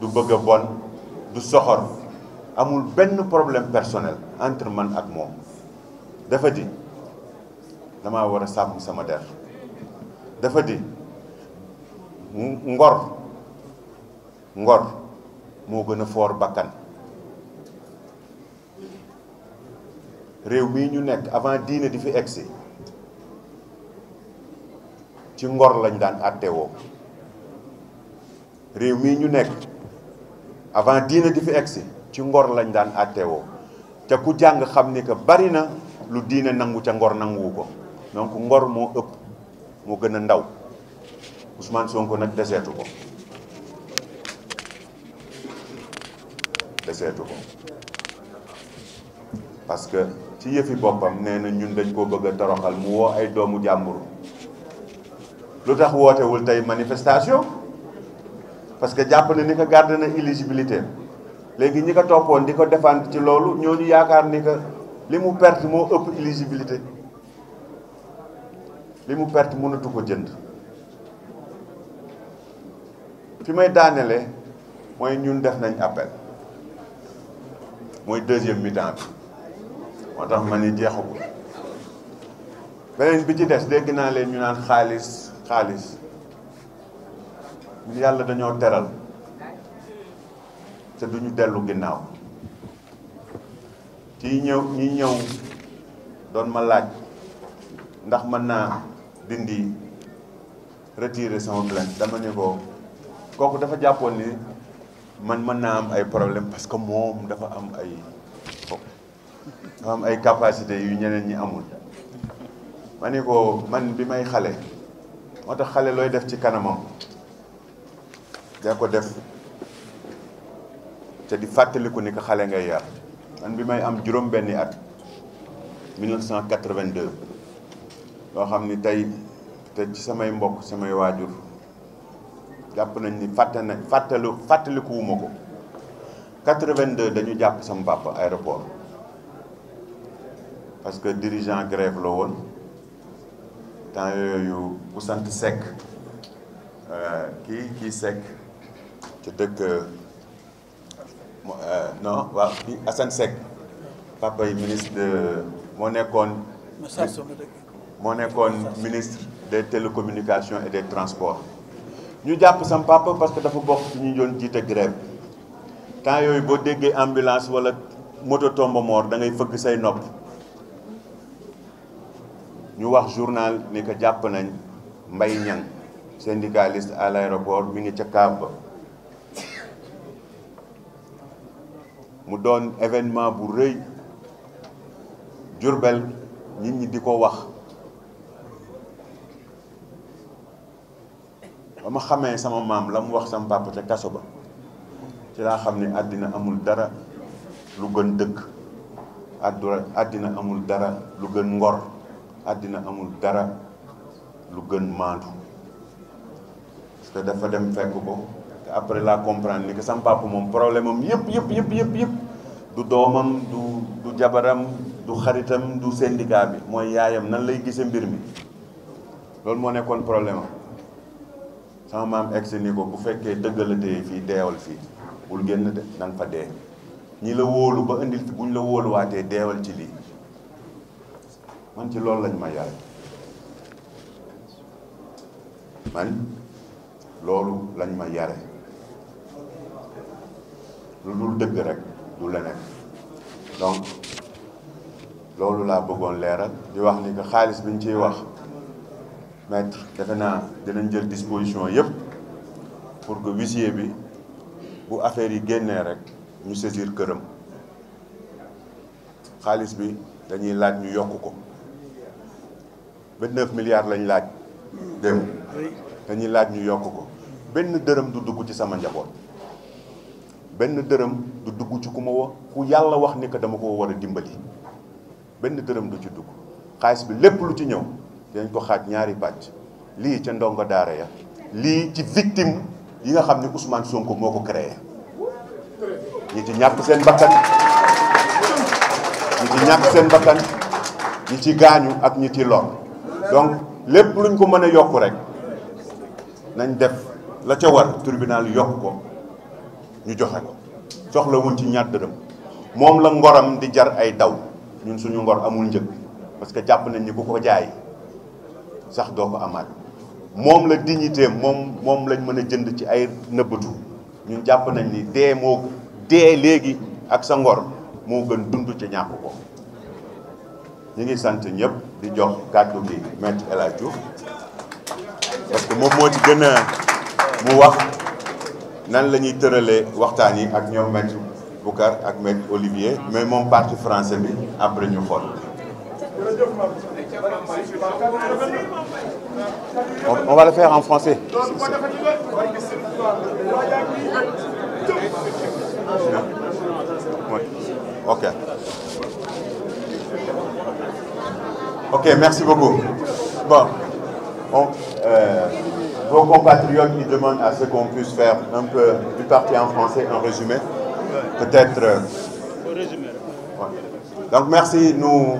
du bëgg a bon du soxor amul benn problème personnel entre man ak moom dafa di damaa war a sàmm sama der dafa di ngor ngor moo gën a foor bakkan réew mii ñu nekk avant diine di fi si ci ngor lañ daan àttewoo réew mii ñu nekk avant diine di fi si ci ngor lañ daan àtteewoo te ku jàng xam ni que bari na lu diine nangu ca ngor nanguwu ko donk ngor moo ëpp moo gën a ndaw Ousmane Sonko nag deseetu ko deseetu ko parce que ci yëfi boppam nee na ñun dañ koo bëgg a toroxal mu woo ay doomu jàmbur lu tax wootewul tey manifestation parce que jàpp na ni ko gardé na éligibilité léegi ñi ko toppoon di ko défendre ci loolu ñu yaakaar ni que li mu perte moo ëpp éligibilité li mu perte mënatu ko jënd fi may daanele mooy ñun def nañ appel mooy deuxième mi moo tax ma ni jeexagul beneen bi ci des dégg naa leen ñu naan xaalis xaalis yàlla dañoo teral te duñu dellu ginnaaw ci ñëw ñi ñëw doon ma laaj ndax mën naa dindi retirer sama plainte dama ne ko kooku dafa jàppoon ni man mën naa am ay problème parce que moom dafa am ay dafa am ay capacité yu ñeneen ñi amul ma ne ko man bi may xale moo tax xale looy def ci kanamam da ko def te di fàttaliku ni ko xale ngay yar man bi may am juróom benni at 1982 loo xam ni tey te ci samay mbokk samay waajur jàpp nañ ni fàtte na fàttalu fàttalikuwuma ko 82 dañu jàpp sama papa aéroport parce que dirigeant grève la woon temps yooyu bu sant Seck euh, kii kii Seck ca dëgg euh, non waaw fii Assane Seck papa yi ministre moo nekkoon moo nekkoon ministre des télécommunications et des transport ñu jàpp sam papa parce que dafa bokk ci ñu doon jiite grève temps yooyu boo déggee ambulance wala moto tombe mort da ngay fëgg say nopp ñu wax journal ni ko jàpp nañ Mbaye Niang syndicaliste à l'aéroport mi ngi ca kaab ba mu doon événement bu rëy Jurbel nit ñi di ko wax ba ma xamee sama maam la mu wax sama papa kaso ba ci laa xam ni àddina amul dara lu gën dëkk àdduna àddina amul dara lu gën ngor àddina amul dara lu gën maandu parce dafa dem fekk ko après la comprendre ni que sama papa moom problème am yëpp yëpp yëpp du doomam du du jabaram du xaritam du syndicat bi mooy yaayam nan lay gise mbir mi loolu moo nekkoon problème am sama maam egg ni ko bu fekkee dëggalatee fii deewal fii bul génn de na fa dee ñi la wóolu ba indil fi buñ la wóoluwaatee deewal ci lii man ci loolu lañ ma yar man loolu lañ ma yare lu dul dëgg rek du leneen donc loolu laa bëggoon leeral di wax ni que xaalis bi ñu ciy wax maître defe naa dinañ jël disposition yëpp pour que huissier bi bu affaire yi génnee rek ñu saisir këram xaalis bi dañuy laaj ñu yokk ko vingt-neuf lañ laaj démb dañuy laaj ñu yokk ko benn dërëm du dugg ci sama njaboot. benn dërëm du dugg ci ku ma ku yàlla wax ni que dama ko war a dimbali benn dërëm du ci dugg xaalis bi lépp lu ci ñëw dañ ko xaaj ñaari pàcc lii ci ndongo daara ya lii ci victime yi nga xam ni Ousmane Sonko moo ko créé ñi ci ñàkk seen bakkan ñi ci ñàkk seen bakkan ñi ci gaañu ak ñi ci lor donc lépp luñ ko mën a yokk rek nañ def la ca war tribunal yokk ko ñu joxe ko soxla wuñ ci ñaar dërëm moom la ngoram di jar ay daw ñun suñu ngor amul njëg parce que jàpp nañ ni ku ko jaay sax doo ko amaat moom la dignité moom moom lañ mën a jënd ci ay nëbbatu ñun jàpp nañ ni dee moo dee léegi ak sa ngor moo gën dund ci ñàkk ko ñu ngi sant ñëpp di jox kàddu gi maître El Hadj Diouf parce moom moo ci gën a mu wax nan lañuy ñuy waxtaan yi ak ñoom maître Boucar ak maître Olivier mais moom parti français bi après ñu xool. on va le faire en français. ok ok merci beaucoup bon euh, vos compatriotes ils demandent à ce qu'on puisse faire un peu du parti en français un résumé peut-être euh... ouais. donc merci nous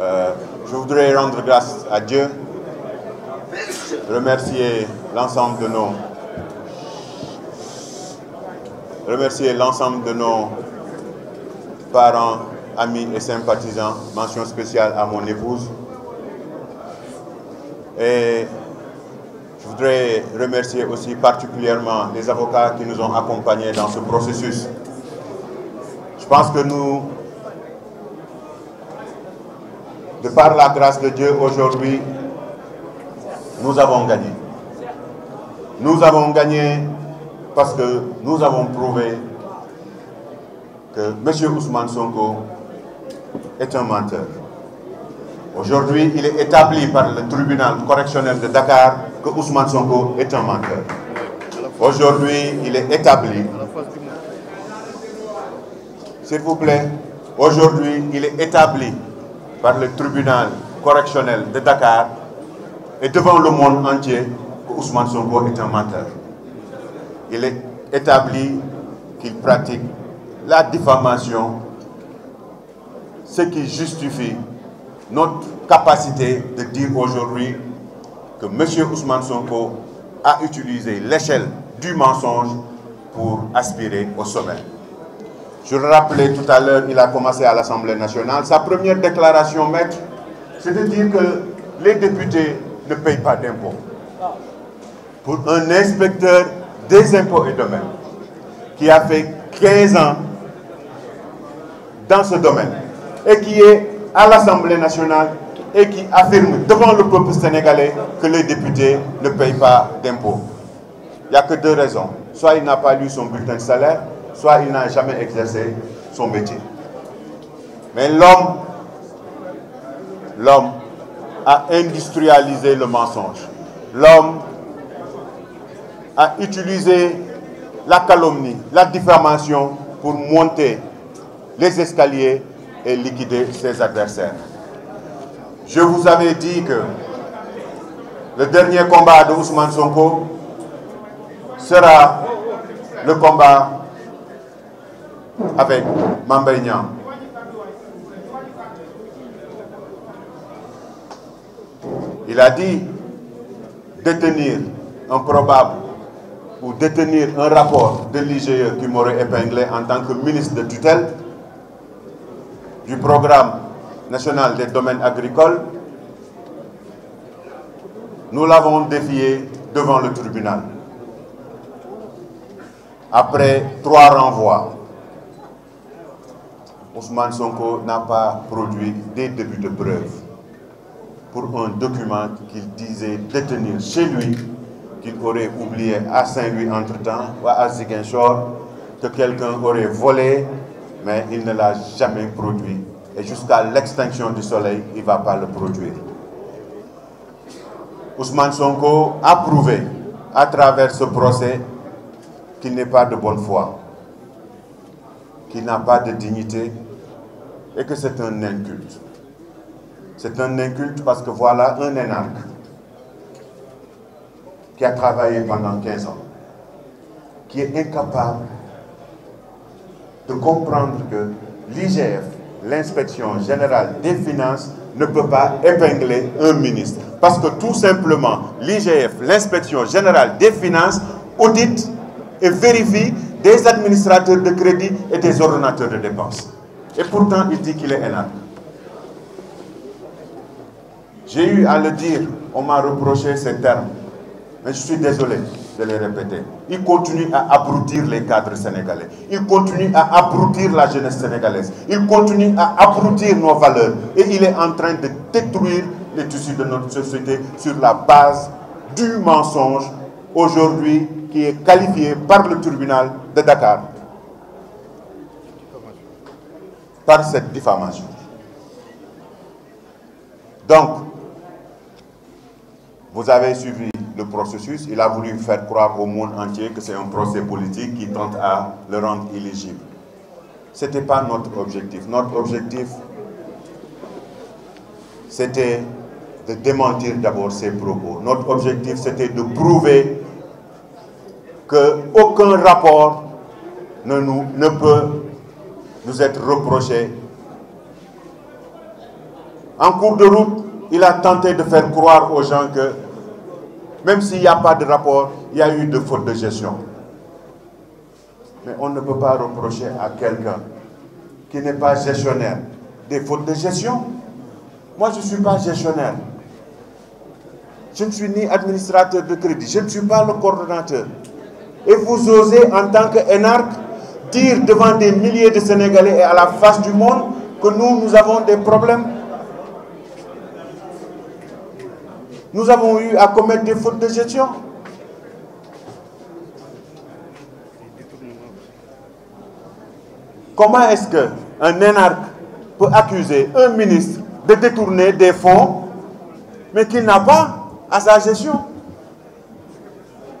euh, je voudrais rendre grâce à Dieu remercier l'ensemble de nos remercier l'ensemble de nos parents amis et sympathisants mention spéciale à mon épouse et Je voudrais remercier aussi particulièrement les avocats qui nous ont accompagnés dans ce processus. Je pense que nous, de par la grâce de Dieu aujourd'hui, nous avons gagné. Nous parce que nous avons prouvé que M. Ousmane Sonko est un menteur. Aujourd'hui, il est établi par le tribunal correctionnel de Dakar que Ousmane Sonko est un menteur. Aujourd'hui, il est établi. S'il vous plaît, aujourd'hui, il est établi par le tribunal correctionnel de Dakar et devant le monde entier que Ousmane Sonko est un menteur. Il est établi qu'il pratique la diffamation, ce qui justifie notre capacité de dire aujourd'hui que M. Ousmane Sonko a utilisé l'échelle du mensonge pour aspirer au sommet. Je le rappelais tout à l'heure, il a commencé à l'Assemblée nationale. Sa première déclaration, maître, c'est de dire que les députés ne payent pas d'impôts. Pour un inspecteur des impôts et domaines qui a fait ans dans ce domaine et qui est à l'Assemblée nationale et qui affirme devant le peuple sénégalais que les députés ne payent pas d'impôts. Il n'y a que deux raisons. Soit il n'a pas lu son bulletin de salaire, soit il n'a jamais exercé son métier. Mais l'homme, l'homme a industrialisé le mensonge. L'homme a utilisé la calomnie, la diffamation pour monter les escaliers et liquider ses adversaires. Je vous avais dit que le dernier combat de Ousmane Sonko sera le combat avec Mambay Il a dit détenir un probable ou détenir un rapport de l'IGE qui m'aurait épinglé en tant que ministre de tutelle du programme national des domaines agricoles, nous l'avons défié devant le tribunal. Après trois renvois, Ousmane Sonko n'a pas produit des débuts de preuve pour un document qu'il disait détenir chez lui, qu'il aurait oublié à Saint-Louis entre-temps, ou à Ziguinchor, que quelqu'un aurait volé mais il ne l'a jamais produit. Et jusqu'à l'extinction du soleil, il ne va pas le produire. Ousmane Sonko a prouvé à travers ce procès qu'il n'est pas de bonne foi, qu'il n'a pas de dignité et que c'est un inculte. C'est un inculte parce que voilà un énarque qui a travaillé pendant ans, qui est incapable de comprendre que l'IGF, l'inspection générale des finances, ne peut pas épingler un ministre. Parce que tout simplement, l'IGF, l'inspection générale des finances, audite et vérifie des administrateurs de crédit et des ordonnateurs de dépenses. Et pourtant, il dit qu'il est énorme. J'ai eu à le dire, on m'a reproché ces termes. Mais je suis désolé. je l'ai répété, il continue à abrutir les cadres sénégalais, il continue à abrutir la jeunesse sénégalaise, il continue à abrutir nos valeurs et il est en train de détruire les tissus de notre société sur la base du mensonge aujourd'hui qui est qualifié par le tribunal de Dakar par cette diffamation. Donc, vous avez suivi le processus. Il a voulu faire croire au monde entier que c'est un procès politique qui tente à le rendre éligible. Ce n'était pas notre objectif. Notre objectif, c'était de démentir d'abord ses propos. Notre objectif, c'était de prouver qu'aucun rapport ne, nous, ne peut nous être reproché. En cours de route, il a tenté de faire croire aux gens que Même s'il n'y a pas de rapport, il y a eu de faute de gestion. Mais on ne peut pas reprocher à quelqu'un qui n'est pas gestionnaire des fautes de gestion. Moi, je ne suis pas gestionnaire. Je ne suis ni administrateur de crédit, je ne suis pas le coordonnateur. Et vous osez, en tant qu'énarque, dire devant des milliers de Sénégalais et à la face du monde que nous, nous avons des problèmes Nous avons eu à commettre des fautes de gestion. Comment est-ce qu'un énarque peut accuser un ministre de détourner des fonds, mais qu'il n'a pas à sa gestion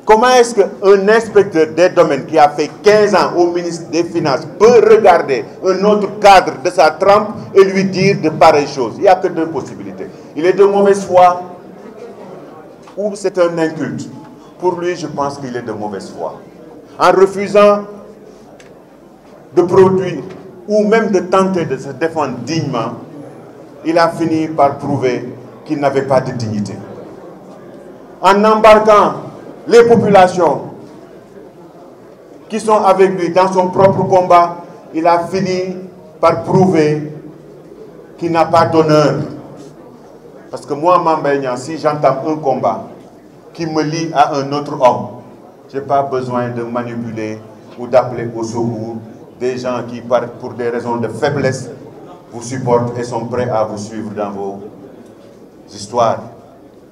Comment est-ce qu'un inspecteur des domaines qui a fait 15 ans au ministre des Finances peut regarder un autre cadre de sa trempe et lui dire de pareilles choses Il n'y a que deux possibilités. Il est de mauvaise foi ou c'est un inculte, pour lui, je pense qu'il est de mauvaise foi. En refusant de produire ou même de tenter de se défendre dignement, il a fini par prouver qu'il n'avait pas de dignité. En embarquant les populations qui sont avec lui dans son propre combat, il a fini par prouver qu'il n'a pas d'honneur Parce que moi, Mambaïna, si j'entame un combat qui me lie à un autre homme, je pas besoin de manipuler ou d'appeler au secours des gens qui, pour des raisons de faiblesse, vous supportent et sont prêts à vous suivre dans vos histoires.